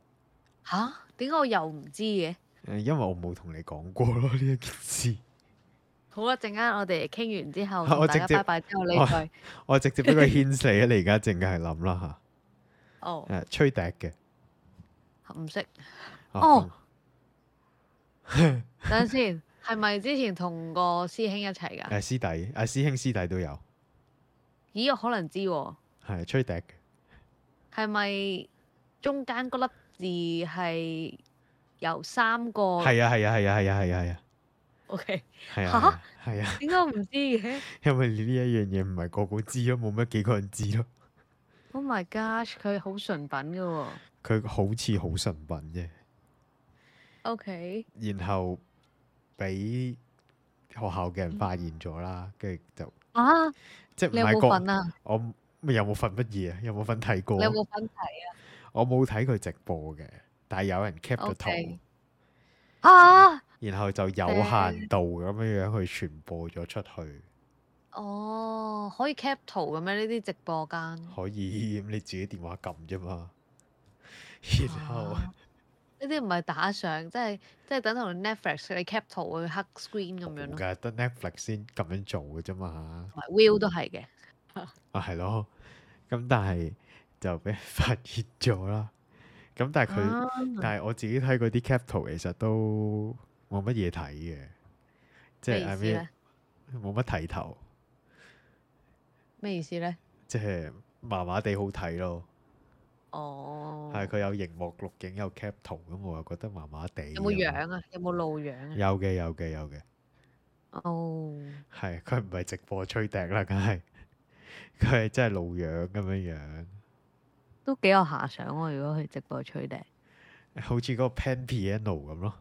吓、啊？點解我又唔知嘅？因為我冇同你講過咯呢一件事。好啦，陣間我哋傾完之後，大家我直接拜拜之後你，你再我，我直接俾佢 h 死， 你啊，你而家淨係諗啦吓。哦，誒，吹笛嘅，唔識。哦、oh. 嗯， 等陣先，係咪之前同個師兄一齊噶？誒、 啊，師弟，阿、啊、師兄、師弟都有。咦？我可能知。係 吹笛嘅。係咪中間嗰粒字係由三個？係啊，係啊，係啊，係啊，係啊。O K，係啊，係啊 yeah.，點解我唔知嘅？因為你呢一樣嘢唔係個個知咯，冇乜幾個人知咯。Oh my gosh，佢、哦、好純品噶喎。佢好似好純品啫。O K，然後俾學校嘅人發現咗啦，跟住、嗯、就啊，即係你冇瞓啊我我？我有冇瞓乜嘢啊？有冇瞓睇過？有冇瞓睇啊？我冇睇佢直播嘅，但係有人 cap 咗圖。啊！然後就有限度咁樣樣去傳播咗出去。哦，可以 cap 圖呢啲直播間可以，咁、嗯、你自己電話撳啫嘛。然後呢啲唔係打上，即係即係等同 Netflix 你 cap 圖去黑 screen 咁樣咯。得 Netflix 先咁樣做嘅啫嘛。Will 都係嘅。啊，係咯。咁但係就俾人發現咗啦。咁但係佢，啊、但係我自己睇嗰啲 cap 圖其實都冇乜嘢睇嘅，即係阿咪，冇乜睇頭。咩意思呢？即係麻麻地好睇咯。哦。係佢有熒幕錄影，有 cap 圖，咁我又覺得麻麻地。有冇樣啊？有冇露樣啊？有嘅有嘅有嘅。有哦。係佢唔係直播吹笛啦，梗係佢係真係露樣咁樣樣。都幾有遐想喎！如果去直播吹笛，好似嗰個 pan piano 咁咯，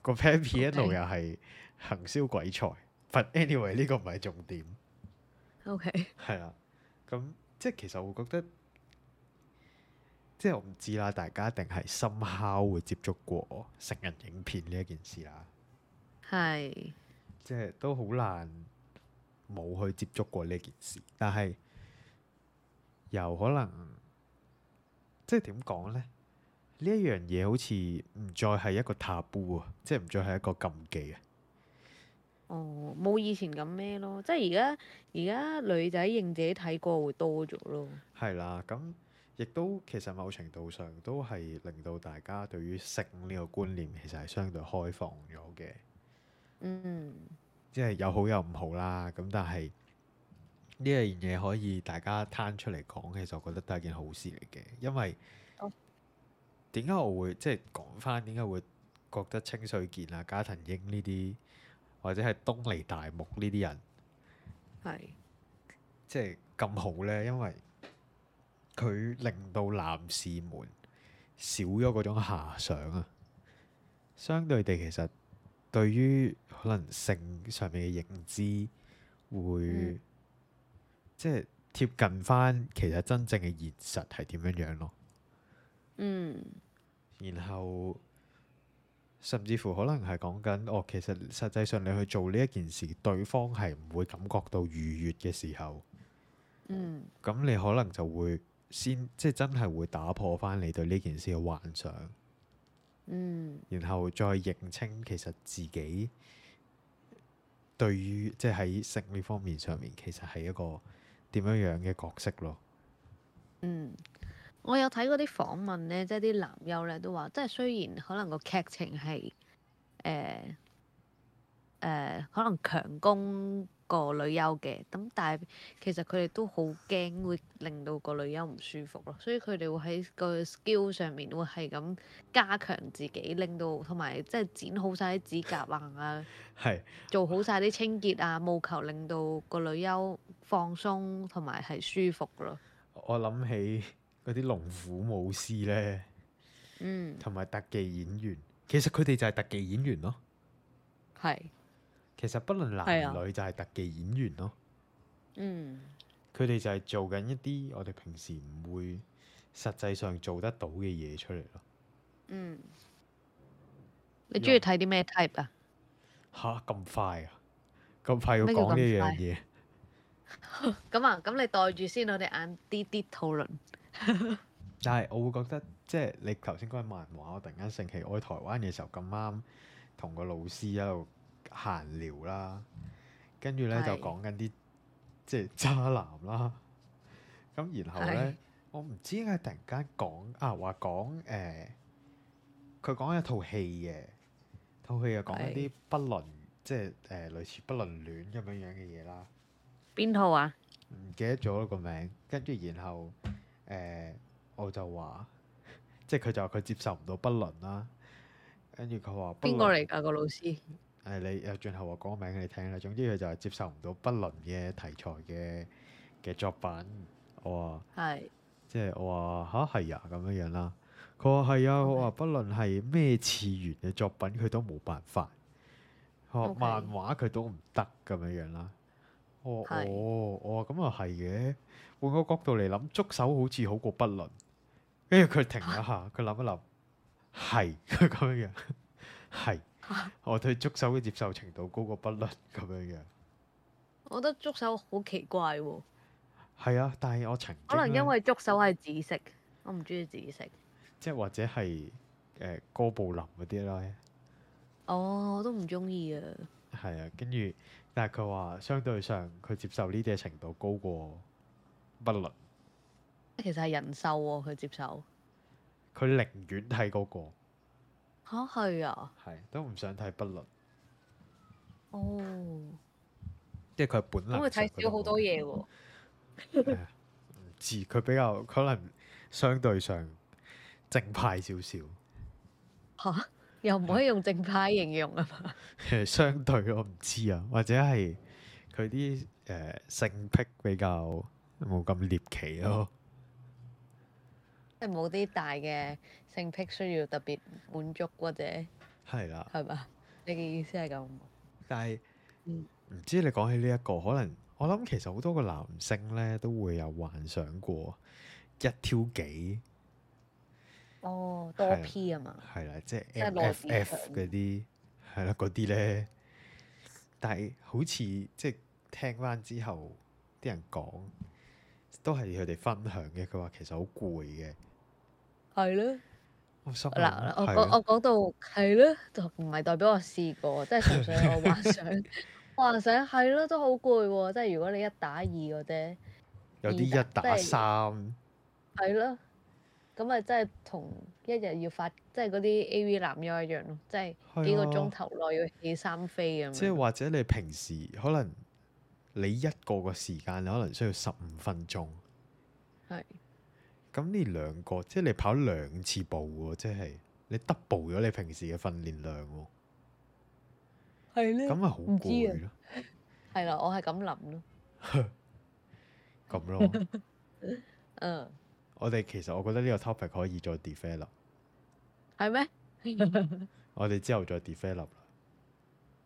個 pan piano 又係 Okay. 行銷鬼才。But anyway，呢個唔係重點。OK，係啦、啊，咁即係其實我覺得，即係我唔知啦，大家一定係 somehow 會接觸過成人影片呢一件事啦。係是，即係都好難冇去接觸過呢件事，但係。有可能即係點講咧？呢一樣嘢好似唔再係一個踏步 b 啊，即係唔再係一個禁忌啊。哦，冇以前咁咩咯，即係而家而家，女仔認自己睇過會多咗咯。係啦，咁亦都其實某程度上都係令到大家對於性呢個觀念其實係相對開放咗嘅。嗯，即係有好有唔好啦，咁但係。呢樣嘢可以大家攤出嚟講，其實我覺得都係件好事嚟嘅，因為點解、oh. 我會即係講返，點解會覺得清水健啊、加藤鷹呢啲，或者係東尼大木呢啲人係 Yes. 即係咁好呢？因為佢令到男士們少咗嗰種遐想啊。相對地，其實對於可能性上面嘅認知會。Mm. 即係貼近翻，其實真正嘅現實係點樣樣咯。嗯，然後甚至乎可能係講緊，哦，其實實際上你去做呢一件事，對方係唔會感覺到愉悦嘅時候。嗯。咁你可能就會先，即係真係會打破翻你對呢件事嘅幻想。嗯。然後再認清其實自己對於即係喺性呢方面上面，其實係一個。點樣樣嘅角色咯。嗯，我有睇過啲訪問咧，即係啲男優咧都話，即係雖然可能個劇情係誒誒，可能強攻。個女優嘅，咁但係其實佢哋都好驚，會令到個女優唔舒服咯，所以佢哋會喺個 skill 上面會係咁加強自己，令到同埋即係剪好晒啲指甲啊，係 是做好晒啲清潔啊， 務求令到個女優放鬆同埋係舒服咯。我諗起嗰啲龍虎武師咧，嗯，同埋特技演員，其實佢哋就係特技演員咯，係。其實不論男女，就係特技演員咯。嗯，佢哋就係做緊一啲我哋平時唔會，實際上做得到嘅嘢出嚟咯。嗯，你中意睇啲咩 type 啊？吓咁快啊！咁快要講呢樣嘢？咁啊，咁你袋住先，我哋晏啲啲討論。但係我會覺得，即係你頭先講緊漫畫，我突然間醒起我喺台灣嘅時候咁啱，同個老師一路。閒聊啦，跟住咧就講緊啲即係渣男啦。咁然後咧，是我唔知點解突然間講啊話講誒，佢講、呃、一套戲嘅套戲，又講一啲不倫，是即係誒、呃、類似不倫戀咁樣樣嘅嘢啦。邊套啊？唔記得咗個名。跟住然後誒、呃，我就話即係佢就話佢接受唔到不倫啦。跟住佢話邊個嚟㗎個老師？誒，你又最後話講個名你聽啦。總之佢就係接受唔到不倫嘅題材嘅嘅作品。我話係即係我話吓係啊，咁樣樣啦。佢話係啊，佢話不論係咩次元嘅作品，佢都冇辦法。學漫畫佢都唔得咁樣樣啦。哦哦，我話咁又係嘅。換個角度嚟諗，觸手好似好過不倫。跟住佢停咗下，佢諗一諗，係佢咁樣樣，係。我對觸手嘅接受程度高過不倫咁樣樣。我覺得觸手好奇怪、啊。係啊，但係我曾經可能因為觸手係紫色，嗯、我唔中意紫色。即係或者係誒哥布林嗰啲啦。哦，我都唔中意啊。係啊，跟住但係佢話相對上佢接受呢啲嘅程度高過不倫。其實係人獸喎、啊，佢接受。佢寧願睇嗰個。嚇係啊！係都唔想睇不倫哦，即係佢本能，都會睇少好多嘢喎、哦。唔、 uh, 知佢比較可能相對上正派少少嚇，又唔可以用正派形容啊嘛。 相對我唔知啊，或者係佢啲誒性癖比較冇咁獵奇咯，即係冇啲大嘅。性癖需要特別滿足或者係啦，係嘛？你嘅意思係咁？但係唔知你講起呢一個，可能我諗其實好多個男性咧都會有幻想過一挑幾哦多 P 啊嘛，係啦，即係 MFF 嗰啲係啦，嗰啲咧，但係好似即係聽返之後，啲人講都係佢哋分享嘅，佢話其實好攰嘅，係咯。嗱，我、啊、我我講到係咯，就唔係代表我試過，即係純粹我幻想，幻 想係咯、啊，都好攰喎，即係如果你一打二嗰啲，有啲一打三，係咯、就是，咁咪即係同一日要發，即係嗰啲 A.V. 男優一樣咯，即、就、係、是、幾個鐘頭內要起三飛咁、啊。即係或者你平時可能你一個個時間，你可能需要十五分鐘，係、啊。咁呢兩個，即係你跑兩次步喎，即係你 double 咗你平時嘅訓練量喎，係咧呢，咁咪好攰咯，係啦， 我係咁諗咯，咁咯 吧， 嗯，我哋其實我覺得呢個 topic 可以再 defer 咯，係咩是嗎？ 我哋之後再 defer 咯，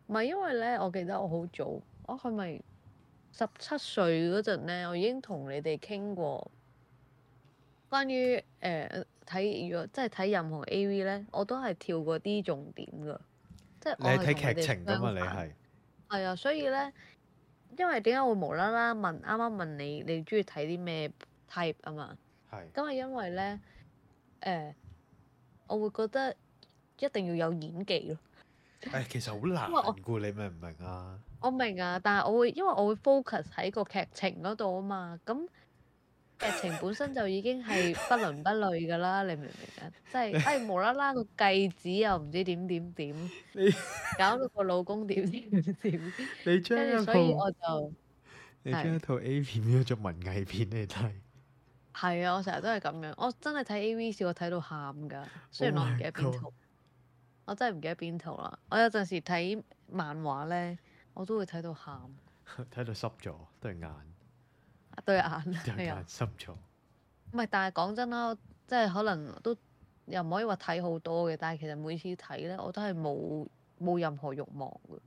唔係因為咧，我記得我好早，我係咪十七歲嗰陣咧，我已經同你哋傾過。關於誒睇、呃、如果即係睇任何 AV 咧，我都係跳過啲重點㗎，即係你係睇劇情㗎嘛，啊？你係係啊，所以咧，因為點解會無啦啦問啱啱問你你中意睇啲咩 type 啊嘛是？係咁係因為咧誒、呃，我會覺得一定要有演技咯。誒 欸，其實好難㗎，我你明唔明啊？我明啊，但係我會因為我會 focus 喺個劇情嗰度啊嘛，咁。劇情本身就已經係不倫不類噶啦，你明唔明啊？即係 哎無啦啦個繼子又唔知點點點， 搞到個老公點點點。 你將一套，所以我就你將一套 A 片變咗做文藝片你睇。係啊，我成日都係咁樣，我真係睇 A V 試過睇到喊噶，雖然我唔記得邊套，oh、我真係唔記得邊套啦。我有陣時睇漫畫咧，我都會睇到喊，睇到濕咗都係眼。對眼。係啊，心痛 對。唔係， 但係講真啦，即係可能都又唔可以話睇好多嘅，但係其實每次睇咧，我都係冇冇任何慾望嘅。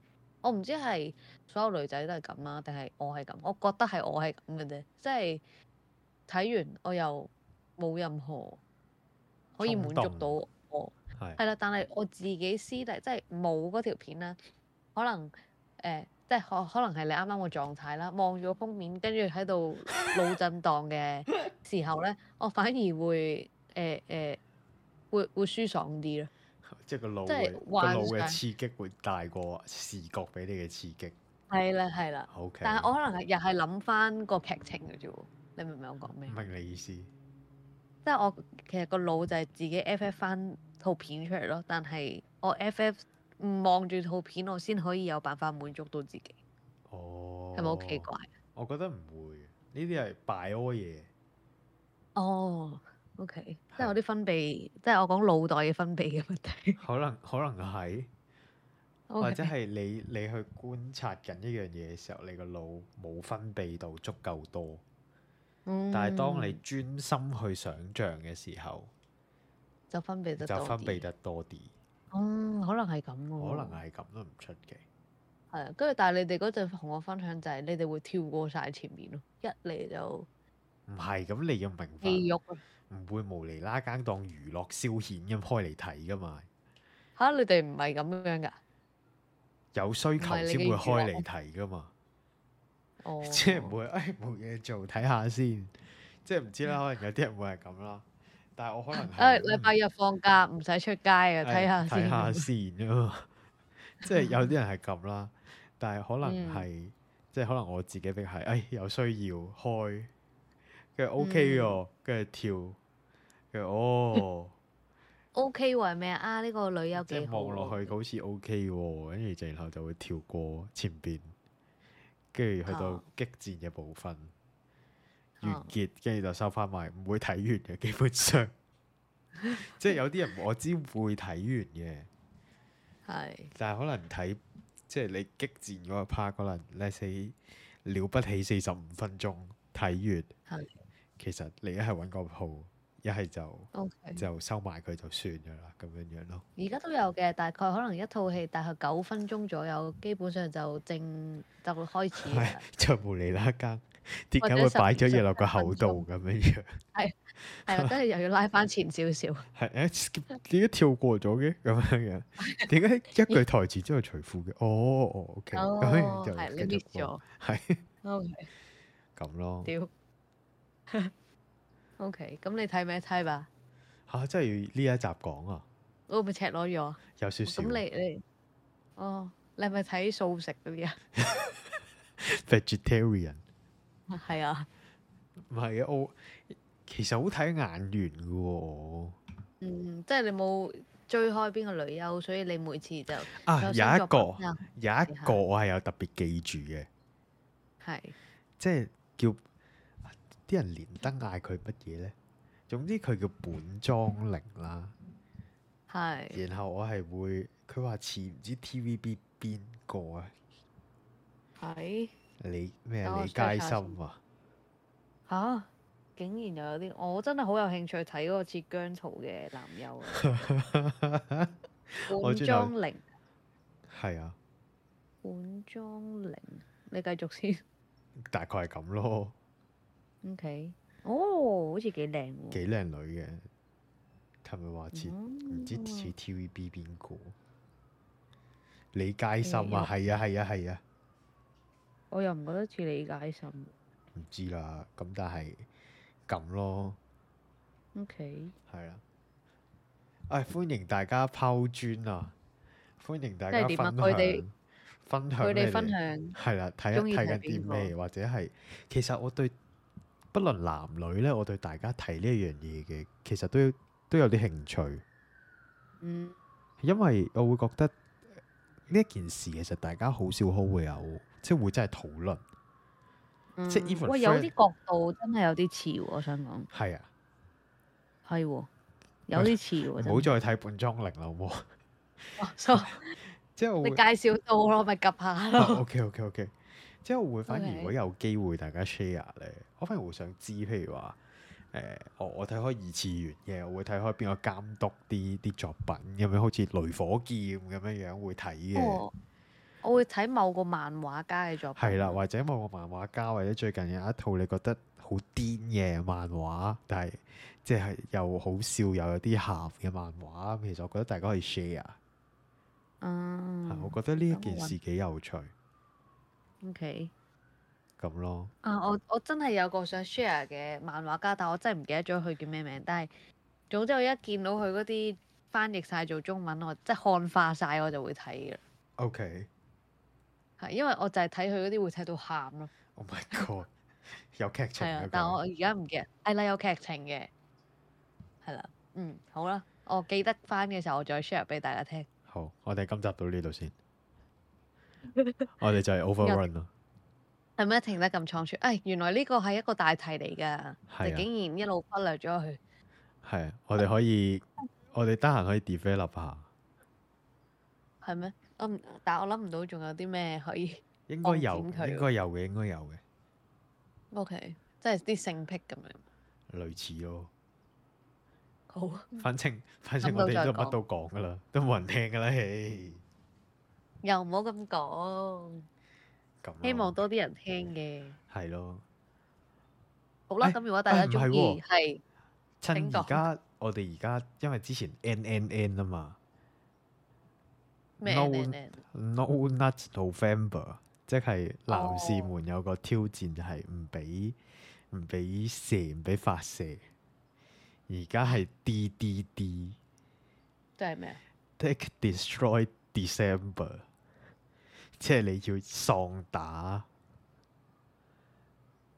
我唔知係所有女仔都係咁啦，定係我係咁？我覺得係我係咁嘅啫，即係睇完我又冇任何可以滿足到我係啦動。 但係我自己私底即係冇嗰條片啦，可能誒。呃即係可可能係你啱啱個狀態啦，望咗封面，跟住喺度腦震盪嘅時候咧， 我反而會誒誒、欸欸，會會舒爽啲咯。即係個腦嘅刺激會大過視覺俾你嘅刺激。係啦係啦。好嘅。Okay. 但係我可能又係諗翻個劇情嘅啫喎，你明唔明我講咩？明你意思。即係我其實個腦就係自己 F F 翻套片出嚟咯，但係我 F F。唔望住套片，我先可以有辦法滿足到自己。哦，係咪好奇怪？我覺得唔會，呢啲係 bio 嘢。哦，oh，OK，係。即係我啲分泌，即係我講腦袋嘅分泌嘅問題。可能可能係，Okay。或者係你你去觀察緊一樣嘢嘅時候，你個腦冇分泌到足夠多。嗯，但係當你專心去想像嘅時候，就分泌得就分泌得多啲。嗯，可能係咁咯。可能係咁都唔出奇。係啊，跟住但係你哋嗰陣同我分享就係、是，你哋會跳過晒前面咯，一嚟就唔係咁，你要明白，唔獄會無厘啦間當娛樂消遣咁開嚟睇噶嘛。吓，你哋唔係咁樣噶？有需求先會開嚟睇噶嘛。哦，即係唔會誒，冇、哎、嘢做睇下先，即係唔知啦。 可能有啲人會係咁啦。但係我可能誒禮拜日放假唔使、嗯、出街啊，睇下、哎、先。睇下先即係有啲人係咁啦，但係可能係、嗯、即係可能我自己咪係，誒、哎、有需要開，跟住 O K 喎，跟住、嗯、跳，跟住哦 O K 係咩啊？呢個女又幾好。望落去好似 O K 喎，跟住就然後就會跳過前邊，跟住去到激戰嘅部分。哦完結，跟住就收翻埋，唔會睇完嘅基本上，即 係有啲人我知會睇完嘅，係， 但係可能睇，即、就、係、是、你激戰嗰 part 可能你死了不起四十五分鐘睇完， 其實你一係揾個鋪，一係就 Okay. 就收埋佢就算咗啦，咁樣樣咯。而家都有嘅，大概可能一套戲大概九分鐘左右，基本上就正就會開始，就 無厘啦更。點解會擺咗嘢落個口度咁樣樣？係係，真係又要拉翻前少少。係誒，點解跳過咗嘅咁樣樣？點解一句台詞之後除褲嘅？哦，OK，咁就繼續過。係 OK，咁咯。屌，OK，咁你睇咩 type 啊？吓，即係呢一集講啊。我咪 check 攞咗。有少少。咁你你哦，你係咪睇素食嗰啲啊？vegetarian。係啊，唔係啊，我其實好睇眼緣噶喎。嗯，即係你冇追開邊個女優，所以你每次就，啊，有一個，有一個我係有特別記住嘅，係是即係叫啲人連登嗌佢乜嘢呢？總之佢叫本莊鈴啦，係。 然後我係會，佢話似唔知 TVB 邊個啊？係。李咩？李、哦、佳芯啊？嚇、啊！竟然又有啲，我真係好有興趣睇嗰個似姜濤嘅男優啊！本莊鈴係啊！本莊鈴，你繼續先。大概係咁咯。O、okay. K，哦，好似幾靚喎，幾靚女嘅，係咪話似唔知似 T V B 邊個？李、嗯、佳芯啊，係、欸、啊，係啊，係啊！我又唔覺得似理解心，唔知啦。咁但係咁咯。O K。係啦。哎，歡迎大家拋磚啊！歡迎大家分享，佢哋分享佢哋分享。係啦，睇睇緊啲咩？或者係其實我對不論男女咧，我對大家提呢一樣嘢嘅，其實都有都有啲興趣。嗯。因為我會覺得。呢一件事其實大家好少可會有，即係會真係討論，嗯、即係 even 喂有啲角度真係有啲似喎，我想講係啊，係喎，有啲似喎，唔好再睇本莊鈴啦，好唔好？即係我你介紹到咯，咪夾下咯。OK OK OK，即係會反而如果有機會大家 share 咧，Okay. 我反而我會想知，譬如話。誒、哦，我睇開二次元嘅，我會睇開邊個監督啲啲作品咁樣，好似《雷火劍》咁樣樣會睇嘅、哦。我會睇某個漫畫家嘅作品。係啦，或者某個漫畫家，或者最近有一套你覺得好癲嘅漫畫，但係即係又好笑又有啲鹹嘅漫畫。其實我覺得大家可以 share。嗯、我覺得呢一件事幾有趣。嗯、o、Okay. k 咁咯。啊，我我真係有個想 share 嘅漫畫家，但我真係唔記得咗佢叫咩名。但係，總之我一見到佢嗰啲翻譯晒做中文，我即係漢化晒，我就會睇嘅。OK 係，因為我就係睇佢嗰啲會睇到喊咯。o、oh、my 有劇情。但我而家唔記得。係、哎、啦，有劇情嘅。係啦，嗯，好啦，我記得翻嘅時候我再 share 俾大家聽。好，我哋今集到呢度先。 我哋就係 overrun 啦。係咩？停得咁倉促？唉、哎，原來呢個係一個大題嚟㗎，你、啊、竟然一路忽略咗佢。係、啊、我哋可以， 我哋得閒可以 develop 下。係咩？我唔，但我諗唔到仲有啲咩可以。應該有，應該有嘅，應該有嘅。O、okay, K，即係啲性癖咁樣。類似咯。好。反正，反正 我哋都乜都講㗎啦，都冇人聽㗎啦，嘿、hey。又唔好咁講。希望多啲人聽嘅，係咯，好啦，咁如果大家中意，係、欸。趁而家我哋而家因為之前 N N N 啊嘛 N N N，No No Not November，即係男士們有個挑戰、哦、就係唔俾唔俾射唔俾發射，而家係 D、DD、D D，即係咩啊？Take Destroy December。即係你要喪打，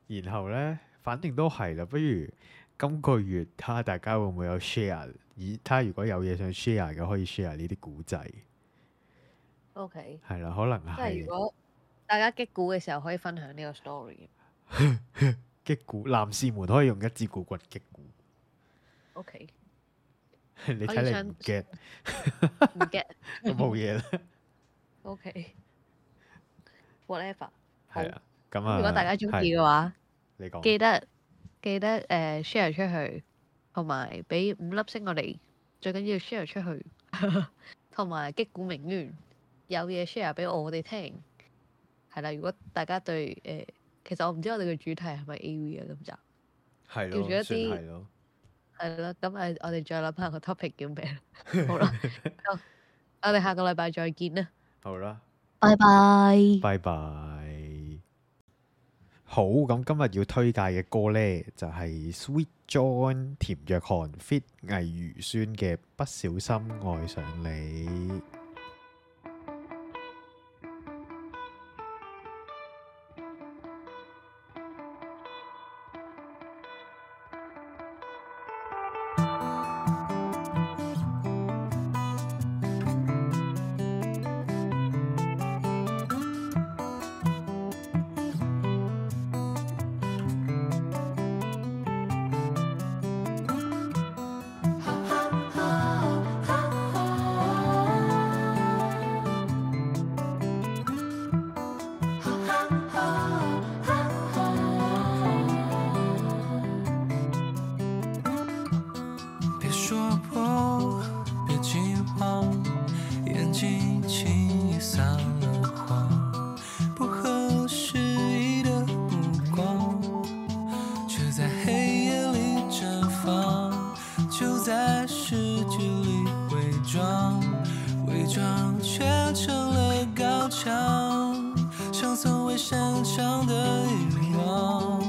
然後呢，反正都係啦。不如今個月睇下大家會唔會有 share，以睇下如果有嘢想 share 嘅，可以 share 呢啲古仔。O K，係啦，可能係。即係如果大家擊鼓嘅時候，可以分享呢個 story。擊 鼓，男士們可以用一支鼓骨擊鼓。O Okay , K， 你睇你唔 get get？我冇嘢啦。O K。whatever 係啊，咁啊，如果大家中意嘅話，你講記得記得誒 share 出去，同埋俾五粒星我哋最緊要 share 出去，同埋擊鼓鳴冤，有嘢 share 俾我哋聽係啦。如果大家對誒，其實我唔知我哋嘅主題係咪 AV 啊，咁就叫做一啲係咯。咁啊，我哋再諗下個 topic 叫咩？好啦， 我哋下個禮拜再見啦。好啦。拜拜，拜拜。好，咁今日要推介嘅歌呢，就係、是、Sweet John 甜若寒 fit 魏如萱嘅《不小心愛上你》。像從未擅長的音調。